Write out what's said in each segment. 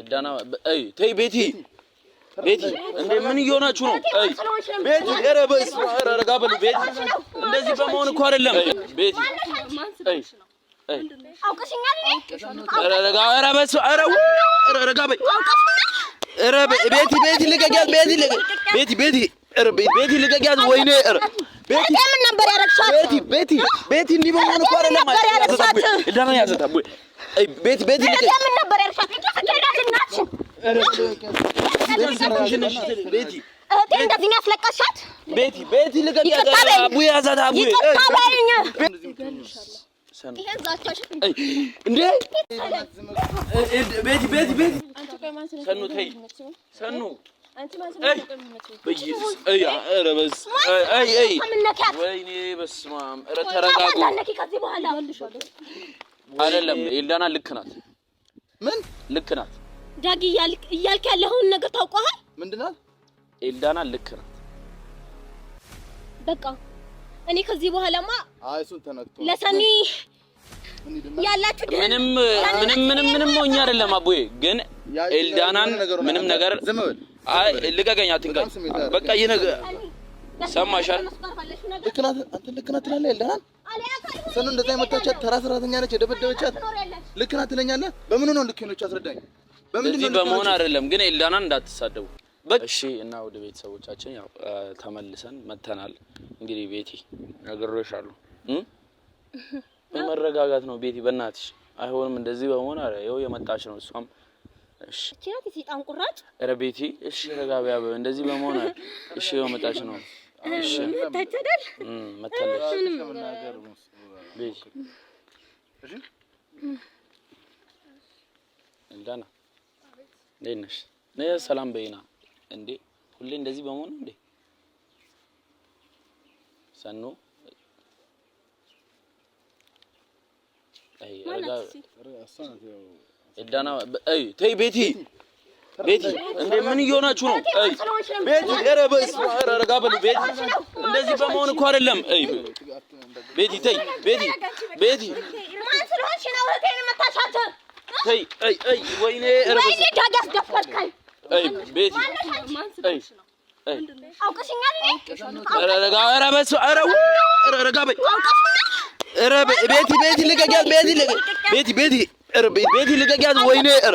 ኤልዳና ተይ ቤቲ ቤቲ እንዴ ምን እየሆናችሁ ነው? አይ ቤቲ ኧረ በስመ አብ ረጋ በሉ ቤቲ እንደዚህ በመሆን እኮ አይደለም ቤቲ ቤቲ ቤቲ ቤቲ ቤቲ ቤቲ ቤት ቤት ለምን ነበር ያልሻት? እህቴ እንደዚህ ያስለቀሻት? ቤቲ አይደለም ኤልዳና ልክ ናት። ምን ልክ ናት? ዳጊ እያልክ ያለኸውን ነገር ታውቀዋል። ምንድናል? ናት? ኤልዳና ልክ ናት። በቃ እኔ ከዚህ በኋላማ አይ እሱን ተነክቶ ለሰኒ ያላችሁ ምንም ምንም ምንም ምንም ሆኜ አይደለም አቦዬ፣ ግን ኤልዳናን ምንም ነገር አይ ልቀቀኝ፣ አትንካኝ። በቃ ይሄ ነገር ሰማሻል? ልክ ናት። አንተ ልክ ናት ትላለህ። ያለናል ሰኑ እንደዛ የመታቻት ተራ ሰራተኛ ነች የደበደበቻት ልክ ናት ትለኛለህ። በምን ነው ልክ ነች? አስረዳኝ። በዚህ በመሆን አይደለም ግን ኤልዳና እንዳትሳደቡ። እሺ። እና ወደ ቤተሰቦቻችን ያው ተመልሰን መተናል። እንግዲህ ቤቲ ነግሬሻለሁ፣ በመረጋጋት ነው ቤቲ። በእናትሽ አይሆንም እንደዚህ በመሆን አረ ይኸው የመጣች ነው እሷም። እሺ እቺ ናት ቁራጭ። አረ ቤቲ እሺ፣ ረጋ በይ። እንደዚህ በመሆን እሺ የመጣች ነው መታይተናል። ደህና እንዴት ነሽ? ሰላም በይና። እንዴ ሁሌ እንደዚህ በመሆኑ እንዴ ሰኖ እዳና ቤቲ እንደ ምን እየሆናችሁ ነው? ቤቲ ኧረ በስመ አብ ረጋ በሉ ቤቲ፣ እንደዚህ በመሆን እኮ አይደለም። አይ ቤቲ ተይ፣ ቤቲ ቤቲ፣ ማን ስለሆንሽ ነው እህቴን የምታሻትር? ተይ፣ አይ አይ፣ ወይኔ ኧረ ወይኔ፣ አብ አስደፈርከኝ። አይ ቤቲ፣ አይ አይ፣ አውቀሽኛል። ኧረ ረጋ፣ ኧረ በስመ አብ፣ ኧረ ኧረ ረጋ በይ። ኧረ ቤቲ፣ ቤቲ ልቀቂያት፣ ቤቲ ልቀቂያት፣ ቤቲ ቤቲ፣ ኧረ ቤቲ ልቀቂያት። ወይኔ ኧረ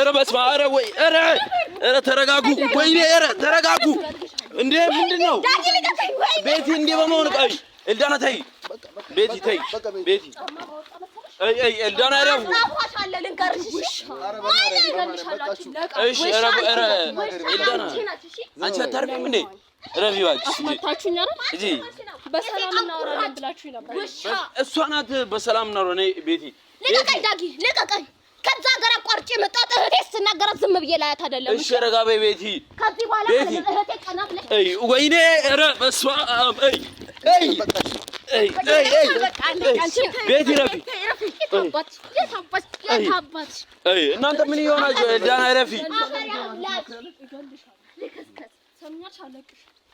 ኧረ በስመ አብ! ኧረ ወይ! ኧረ ኧረ ተረጋጉ! ወይኔ! ኧረ ተረጋጉ! እንዴ ምንድን ነው ቤቲ? እንዴ በመሆን ቆይ ኤልዳና ተይ ቤቲ ተይ ቤቲ እሷ ናት በሰላም እናወራ። ነይ ቤቲ ልቀቀኝ፣ ዳጊ ልቀቀኝ ከዛ ሀገር አቋርጬ መጣሁ። እህቴ ስናገራት ዝም ብዬ ላያት አይደለም። እሺ ረጋ በይ ቤቲ። ከዚህ በኋላ እህቴ እይ። ወይኔ እናንተ ምን እየሆናችሁ ዳና ረፊ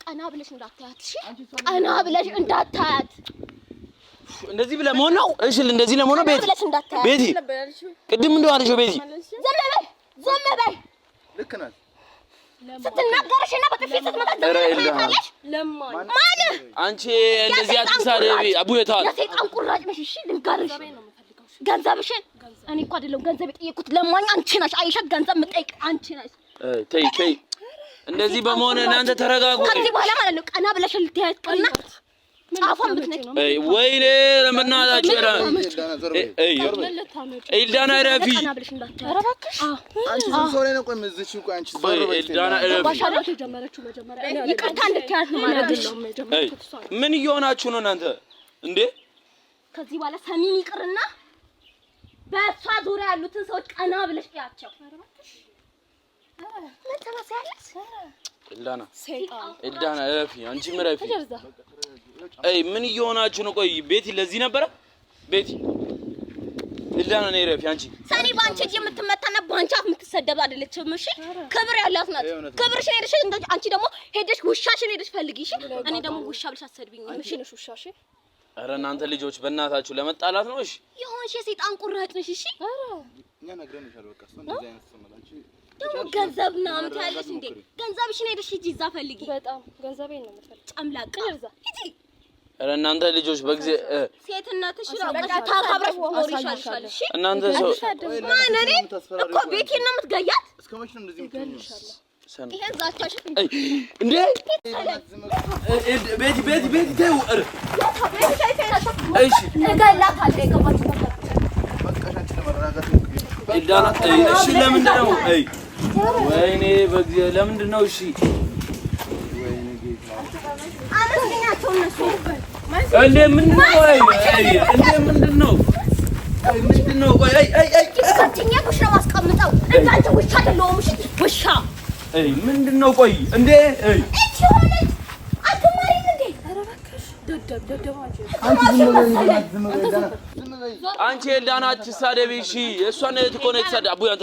ቀና ብለሽ እንዳታያት፣ ቀና ብለሽ እንዳታያት እንደዚህ ብለህ መሆን ነው። እሺ እንደዚህ ለመሆን ነው። ቤቲ ቤቲ፣ ቅድም እንደው አልሽው ቤቲ፣ ዝም በል ዝም በል። ልክ ናት ስትናገርሽ በጥፊ ስትመጣ ማን አንቺ እንደዚህ አትሳደቢ። አቡ ቁራጭ ነሽ። እሺ ልንገርሽ፣ ገንዘብሽን እኔ እኮ አይደለሁም ገንዘብ የጠየኩት ለማኝ አንቺ ነሽ። አይሻ ገንዘብ የምጠይቅ አንቺ ነሽ። ተይ ተይ፣ እንደዚህ በመሆን እናንተ ተረጋጉ። ከዚህ በኋላ ማለት ነው ቀና ብለሽ ወይኔ ለመናታችሁ ኤልዳና ረፊ ምን እየሆናችሁ ነው እናንተ? እንዴ ከዚህ በኋላ ሰሚን ይቅርና በእሷ ዙሪያ ያሉትን ሰዎች ቀና ብለሽ ያቸው ኤልዳና ኤልዳና እረፊ፣ እረፊ። አይ ምን እየሆናችሁ ነው? ቆይ ቤቲ ለዚህ ነበረ ቤቲ ኤልዳና ነይ እረፊ። አንቺ እጅ የምትመታና አፍ የምትሰደብ አይደለችም። እሺ ክብር ያላት ናት። ክብርሽን ሄደሽ አንቺ ደግሞ ሄደሽ ውሻሽን ሄደሽ ፈልጊ። እሺ እኔ ደግሞ ውሻ ብለሽ እሺ ነሽ ኧረ እናንተ ልጆች በእናታችሁ ለመጣላት ነው። እሺ የሆንሽ ቁራጭ ነሽ። እሺ ኧረ እኛ ነግረንሻል። በቃ እሱ እንደዚህ አይነት ሰው ደግሞ ገንዘብ ምናምን ትያለሽ እንዴ? ገንዘብሽን ሄደሽ ሂጂ እዛ ፈልጊ። በጣም ገንዘቤን ነው የምትፈልጊ? ጨምላቅ እዛ ሂጂ። ኧረ እናንተ ልጆች በጊዜ ሴትነትሽ ታብረሽ ሆኖር ይሻልሻል። እናንተ ሰው ማን እኔ እኮ ቤቴን ነው የምትገያት። ይሄን ዛቻሽ እንዴ! ቤቲ ቤቲ ቤቲ እገላታለሁ። ለምንድን ነው ወይኔ በእግዚአብሔር ለምንድን ነው? እሺ ምንድን ነው? ምንድን ነው? ቆይ አንቺ የዳናች ሳደቢ እሺ፣ የእሷን እህት እኮ ነች። ሳደ አቡዬ አንተ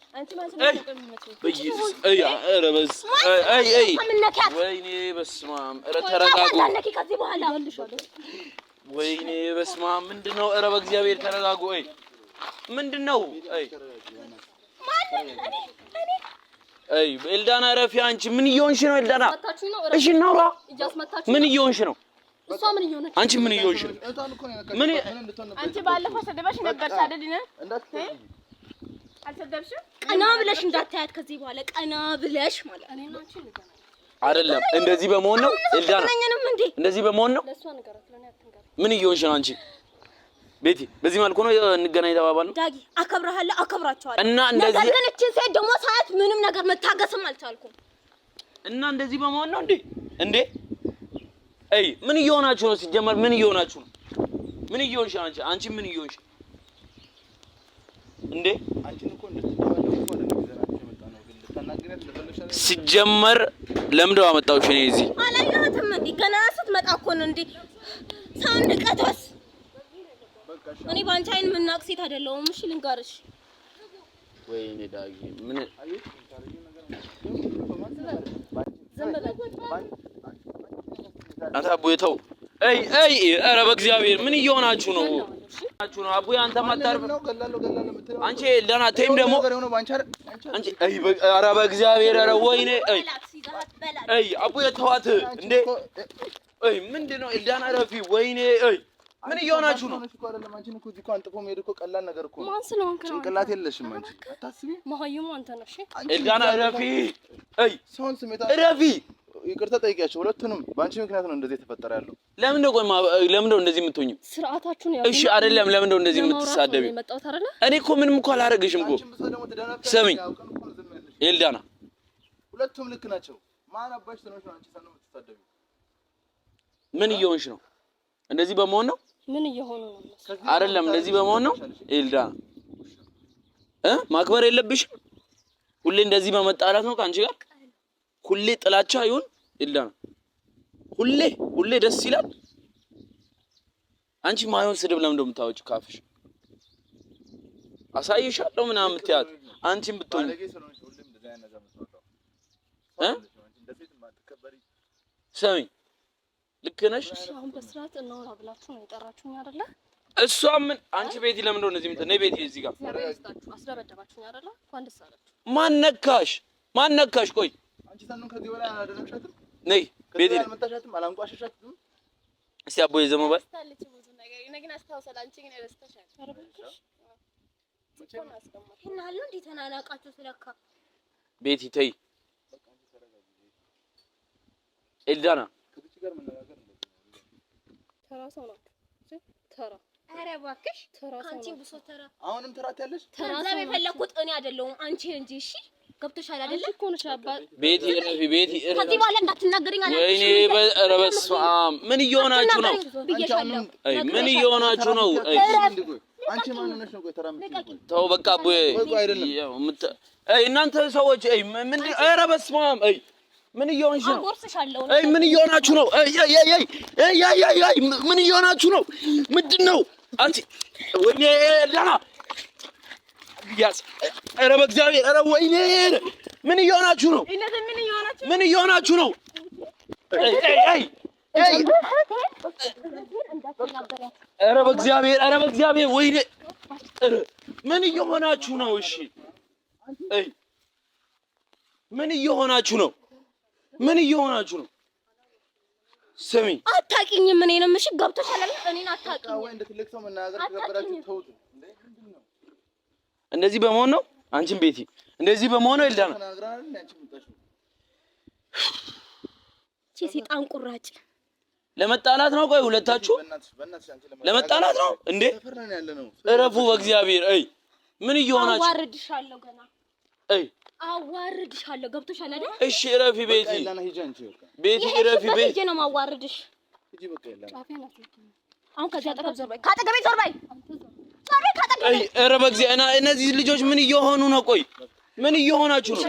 ወይኔ በስመ አብ! ኧረ ተረጋጉ። ወይኔ በስመ አብ! ምንድን ነው? ኧረ በእግዚአብሔር ተረጋጉ። ምንድን ነው? ኤልዳና ረፊ፣ አንቺ ምን እየሆንሽ ነው? ኤልዳና እሺ፣ እናውራ። ምን እየሆንሽ ነው? አንቺ ምን እየሆንሽ ነው? ምን አንቺ ባለፈው ሰደበሽ ነበር አይደል? ቀና ብለሽ እንዳታያት ከዚህ በኋላ ቀና ብለሽ ማለት ነው። አይደለም እንደዚህ በመሆን ነው ኤልዳና፣ እንደዚህ በመሆን ነው። ምን እየሆንሽ ነው አንቺ? ቤቲ በዚህ መልኩ ነው እንገናኝ ተባባል ነው። ዳጊ አከብርሃለሁ፣ አከብራቸዋለሁ እና እንደዚህ ነገር እቺን ሴት ደግሞ ሰዓት ምንም ነገር መታገስም አልቻልኩም እና እንደዚህ በመሆን ነው እንዴ? እንዴ አይ ምን እየሆናችሁ ነው? ሲጀመር ምን እየሆናችሁ ነው? ምን እየሆንሽ አንቺ? አንቺ ምን እየሆንሽ እንዴ? ሲጀመር ለምደው አመጣሁሽ እኔ እዚህ አላየሁትም። እንዲ ገና ስትመጣ እኮ ነው እንዲ ሰው ንቀቶስ። እኔ በአንቺ አይን የምናውቅ ሴት አይደለሁም። እሺ ልንገርሽ ወይ ዳጊ ምን አንተ አቡዬ ተው። አይ አይ፣ ኧረ በእግዚአብሔር ምን እየሆናችሁ ነው? እየሆናችሁ ነው አቡዬ አንተ ማታርፍ አንቺ ለና ተይም ደግሞ አንቺ አይ ኧረ በእግዚአብሔር ኧረ ወይኔ አይ አይ አቡ ተዋት እንዴ አይ ምንድነው ኤልዳና ረፊ ወይኔ አይ ምን እየሆናችሁ ነው? አንቺን እኮ እዚህ እኮ አንጥፎ መሄድ እኮ ቀላል ነገር እኮ ማን ነው። ጭንቅላት የለሽም አንቺ። አታስቢ። መሀይሙ አንተ ነሽ። ኤልዳና ረፊ አይ ሰውን ስሜታ ረፊ ይቅርታ ጠይቂያቸው ሁለቱንም። በአንቺ ምክንያት ነው እንደዚህ የተፈጠረ ያለው። ለምን ነው ቆይ፣ ለምን ነው እንደዚህ የምትሆኚው? ስርዓታችሁን ያው እሺ፣ አይደለም። ለምን ነው እንደዚህ የምትሳደቢ? እኔ እኮ ምንም እኮ አላደረግሽም እኮ። ስሚኝ ኤልዳና፣ ሁለቱም ልክ ናቸው። ማን አባሽ ትንሽ ነው አንቺ ሳነው የምትሳደቢው? ምን እየሆንሽ ነው? እንደዚህ በመሆን ነው ምን እየሆኑ ነው? አይደለም፣ እንደዚህ በመሆን ነው ኤልዳና። እ ማክበር የለብሽም ሁሌ እንደዚህ በመጣላት ነው ከአንቺ ጋር ሁሌ ጥላቻ ይሁን የለም ሁሌ ሁሌ ደስ ይላል። አንቺ ማይሆን ስድብ ለምን እንደምታወጪ ካፍሽ አሳይሻለሁ ምናምን የምትያት አንቺም ብትሆን እ ስሚ ልክ ነሽ። እሷ ምን አንቺ ቤቲ ለምን እንደሆነ እዚህ ምትነ ቤቲ እዚህ ጋር ማን ነካሽ? ቆይ አንቺ ነይ ቤት ነይ። እስቲ አቦዬ ዘመባል ቤቲ ተይ ኤልዳና ተራ ሰው ናት። ተራ ኧረ እባክሽ ተራ አሁንም ተራ ትያለሽ። ተራ ሰው የፈለኩት እኔ አይደለሁም አንቺ እንጂ እሺ ገብቶሻል አይደለ? ቤቲ እረፊ፣ ቤቲ እረፊ። ከዚህ በኋላ እንዳትናገሪኝ አለ። ወይኔ በስመ አብ! ምን እየሆናችሁ ነው? አይ ምን እየሆናችሁ ነው? አይ አንቺ ማን ነሽ ነው? ተው በቃ እናንተ ሰዎች አይ ምን ኧረ በስመ አብ! አይ ምን እየሆንሽ ነው? አይ ምን እየሆናችሁ ነው? አይ አይ አይ አይ አይ ምን እየሆናችሁ ነው? ምንድን ነው አንቺ ወይኔ ዳና ኧረ በእግዚአብሔር ኧረ ወይኔ ምን እየሆናችሁ ነው? ምን እየሆናችሁ ነው? ኧረ በእግዚአብሔር ኧረ በእግዚአብሔር ወይኔ ምን እየሆናችሁ ነው? እሺ ምን እየሆናችሁ ነው? ምን እየሆናችሁ ነው? ስሚ አታውቂኝም። እኔንም እሺ ገብቶሻል አይደል? እኔን አታውቂኝም። እንደዚህ በመሆን ነው አንቺን ቤቲ እንደዚህ በመሆን ነው ይልዳና እቺ ሰይጣን ቁራጭ ለመጣላት ነው። ቆይ ሁለታችሁ ለመጣላት ነው እንዴ? እረፉ በእግዚአብሔር። አይ ምን እየሆናችሁ? አዋርድሻለሁ፣ ገና አይ አዋርድሻለሁ። ገብቶሻል አይደል? እሺ እረፊ ቤቲ፣ ቤቲ እረፊ ቤቲ ነው የማዋርድሽ። አሁን ከዚህ አጠገብ ዞር በይ፣ ከአጠገቤ ዞር በይ። ኧረ በእግዚአብሔር እነዚህ ልጆች ምን እየሆኑ ነው? ቆይ ምን እየሆናችሁ ነው?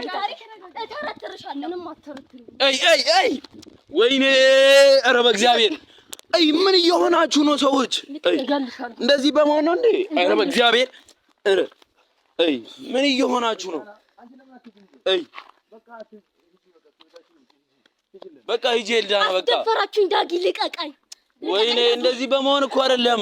ወይኔ! ኧረ በእግዚአብሔር አይ ምን እየሆናችሁ ነው ሰዎች? እንደዚህ በመሆን ነው እንዴ? ኧረ በእግዚአብሔር ኧረ አይ ምን እየሆናችሁ ነው? አይ በቃ ሂጂ ኤልዳና፣ በቃ አስደፈራችሁኝ። ዳጊ ልቀቃኝ! ወይኔ! እንደዚህ በመሆን እኮ አይደለም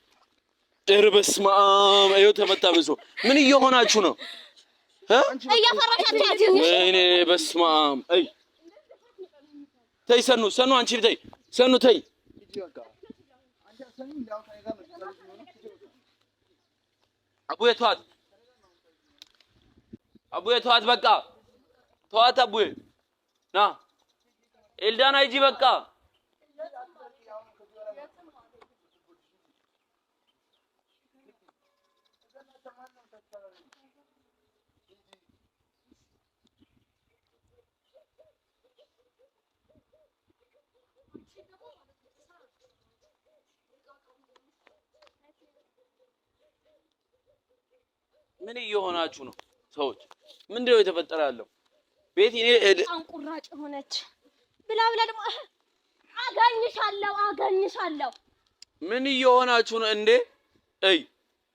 ኧረ በስመ አብ ይኸው ተመታ። ብዙ ምን እየሆናችሁ ነው? ወይኔ በስመ አብ። ተይ ሰኑ፣ ሰኑ፣ አንቺ ተይ፣ ሰኑ ተይ። አቡዬ ተዋት፣ አቡዬ ተዋት፣ በቃ ተዋት። አቡዬ ና ኤልዳና ሂጂ በቃ ምን እየሆናችሁ ነው ሰዎች? ምንድን ነው የተፈጠረ ያለው? ቤቲ አንቁራጭ ሆነች ብላ ብላ ደግሞ አገኝሻለሁ አገኝሻለሁ። ምን እየሆናችሁ ነው እንዴ? እይ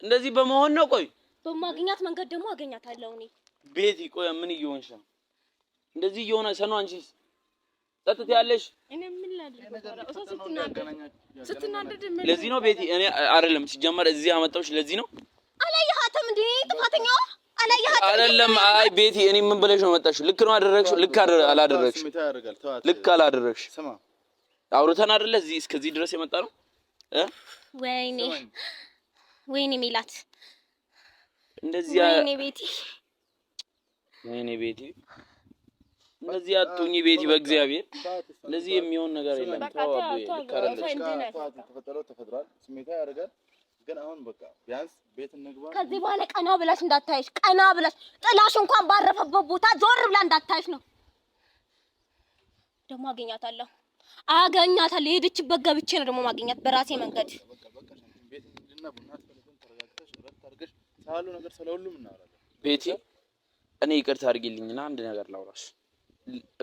እንደዚህ በመሆን ነው። ቆይ በማግኛት መንገድ ደግሞ አገኛታለሁ እኔ። ቤቲ ቆይ ምን እየሆንሽ ነው? እንደዚህ እየሆነ ሰኑ፣ አንቺስ ጸጥታ ያለሽ? እኔ ምን ለዚህ ነው ቤቲ። እኔ አይደለም ሲጀመር እዚህ ያመጣሁሽ ለዚህ ነው። አላየሃትም እንዴ ጥፋተኛዋ? አላየሃትም አይደለም? አይ ቤቲ፣ እኔ ምን ብለሽ ነው መጣሽ? ልክ ነው አደረግሽው? ልክ አላደረግሽ፣ ልክ አላደረግሽ። አውርተን አይደለ እዚህ እስከዚህ ድረስ የመጣ ነው። ወይኔ ወይኔ ሜላት እንደዚህ ወይኔ ቤቲ ወይኔ ቤቲ እንደዚህ አትሁኚ ቤቲ፣ በእግዚአብሔር እንደዚህ የሚሆን ነገር የለም። ከዚህ በኋላ ቀና ብላሽ እንዳታይሽ፣ ቀና ብላሽ ጥላሽ እንኳን ባረፈበት ቦታ ዞር ብላ እንዳታይሽ ነው። ደግሞ አገኛታለሁ፣ አገኛታለሁ። የሄደችበት ገብቼ ነው ደግሞ ማግኘት በራሴ መንገድ ስላለው ነገር ስለ ሁሉም እናወራለን። ቤቲ እኔ ይቅርታ አድርጊልኝና አንድ ነገር ላውራሽ።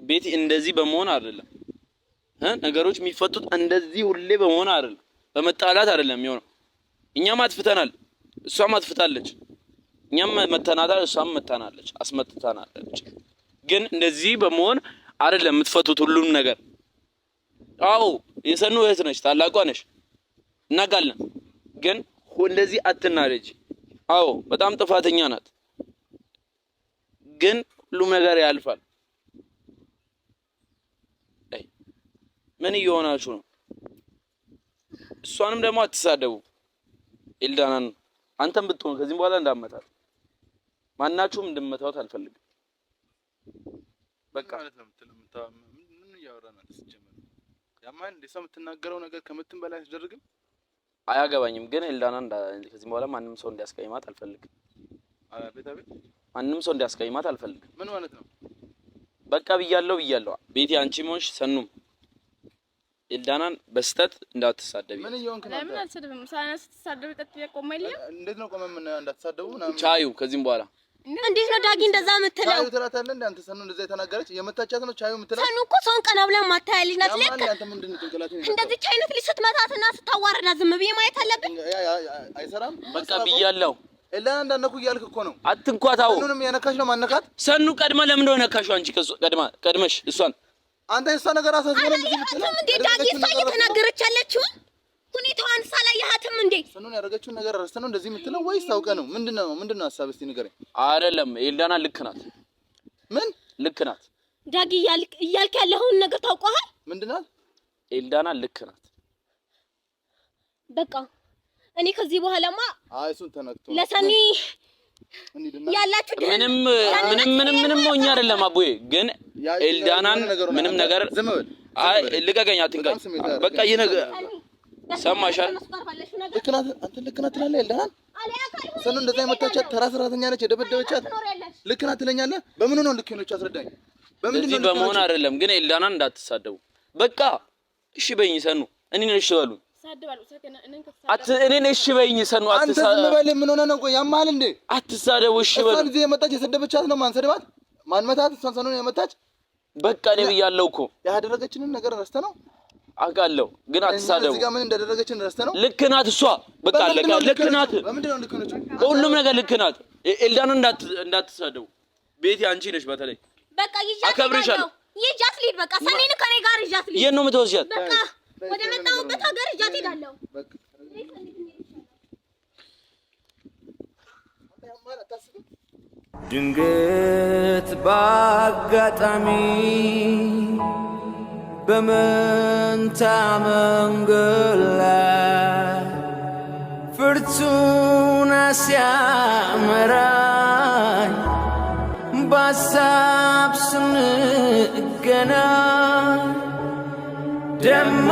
ቤቲ እንደዚህ በመሆን አይደለም ነገሮች የሚፈቱት እንደዚህ ሁሌ በመሆን አይደለም፣ በመጣላት አይደለም የሚሆነው። እኛም አጥፍተናል፣ እሷም አጥፍታለች። እኛም መተናታል፣ እሷም መተናለች፣ አስመጥታናለች። ግን እንደዚህ በመሆን አይደለም የምትፈቱት ሁሉም ነገር። አዎ የሰኑ እህት ነች፣ ታላቋ ነች፣ እናውቃለን። ግን እንደዚህ አትናደጂ። አዎ በጣም ጥፋተኛ ናት። ግን ሁሉም ነገር ያልፋል። ምን እየሆናችሁ ነው? እሷንም ደግሞ አትሳደቡ። ኤልዳናን አንተም ብትሆን ከዚህም በኋላ እንዳመታት ማናችሁም እንድመታወት አልፈልግም። በቃ ማለት ነው የምትናገረው ነገር ከምትም በላይ አስደርግም። አያገባኝም ግን ኤልዳና ከዚህ በኋላ ማንም ሰው እንዲያስቀይማት አልፈልግም። ማንም ሰው እንዲያስቀይማት አልፈልግም። ምን ማለት ነው? በቃ ብያለሁ ብያለሁ። ቤቴ አንቺ ሆንሽ ሰኑም ኤልዳናን በስተት እንዳትሳደብ። ምን ይሆንክ ነው? ለምን አልሰደብም? ሳነስ ተሳደብ ጠጥ ቆመ እንዴት ነው ቆመም? ምን እንዳትሳደቡ ቻዩ ከዚህም በኋላ እንዴት ነው ዳጊ እንደዛ የምትለው? ቻዩ ትላታለህ እንዴ አንተ ሰኑ እንደዛ የተናገረች የመታቻት ነው ቻዩ የምትለው። ሰኑ እኮ ሰውን ቀና ብላ ማታያል ናት። ለክ እንደዚህ አይነት ልጅ ስትመታትና ስታዋርዳ ዝም ብዬ ማየት አለብኝ? አይሰራም። በቃ ብያለሁ። ኤላን እንዳነኩ እያልክ እኮ ነው። አትንኳታው። አዎ ሰኑንም የነካሽ ነው ማነካት። ሰኑ ቀድማ ለምን እንደሆነ ነካሽ? አንቺ ቀድማ ቀድመሽ እሷን አንተ እሷ ነገር ነው እንዴ ዳጊ እሷ እየተናገረች ያለችው ሁኔታዋን ሳላየሃትም እንዴ? ስኑን ያደረገችውን ነገር ረስተህ ነው እንደዚህ የምትለው ወይስ አውቀ ነው? ምንድን ነው ምንድን ነው ሀሳብ? እስቲ ንገረኝ። አይደለም ኤልዳና ልክ ናት። ምን ልክ ናት? ዳጊ እያልክ ያለኸውን ነገር ታውቀዋል። ምንድን ናት? ኤልዳና ልክ ናት። በቃ እኔ ከዚህ በኋላማ አይ እሱን ተነክቶ ለሰኒ ያላችሁ ምንም ምንም ምንም ምንም ሆኜ አይደለም አቦዬ፣ ግን ኤልዳናን ምንም ነገር አይ ልቀቀኝ፣ አትንካኝ። በቃ ይነገር ሰማሻል። ልክ ናት፣ ትላለህ። ያልደሃል ሰኑ እንደዛ የመታቻት ተራ ሰራተኛ ነች የደበደበቻት። ልክ ናት ትለኛለህ። በምን ነው ልክ ሆነች? አስረዳኝ። በዚህ በመሆን አይደለም ግን ኤልዳና እንዳትሳደቡ። በቃ እሺ በይኝ ሰኑ፣ እኔን እሺ በሉኝ። እኔን እሺ በይኝ ሰኑ። አንተ ዝም በል። ምን ሆነህ ነው? ቆይ ያማል እንዴ? አትሳደቡ፣ እሺ በሉ። እሷን እዚህ የመጣች የሰደበቻት ነው ማንሰድባት፣ ማንመታት። እሷን ሰኑን የመታች በቃ እኔ ብያለሁ እኮ ያደረገችንን ነገር ረስተ ነው አውቃለሁ ግን አትሳደቡ። እዚህ ምን እንደደረገችን ረስተህ ነው። ልክ ናት እሷ፣ በቃ አለቀ። ልክ ናት፣ በሁሉም ነገር ልክ ናት። ኤልዳን እንዳትሳደቡ። ቤቲ አንቺ ነሽ፣ በተለይ በቃ አከብርሻለሁ። ይጃት ሊድ በቃ ሰኔን ከኔ ጋር ይጃት ሊድ የት ነው የምትወስጃት? በቃ ወደ መጣሁበት ሀገር ይጃት ሄዳለሁ። ድንገት ባጋጣሚ በመንታ መንገድ ላይ ፍርቱን ሲያመራኝ ባሳብ ስንገና ደሞ